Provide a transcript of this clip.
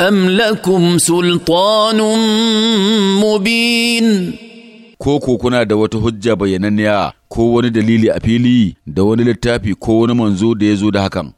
أم لكم سلطان مبين ko ko kuna da wata hujja bayyananniya ko wani dalili a fili da wani littafi ko wani manzo da ya zo da hakan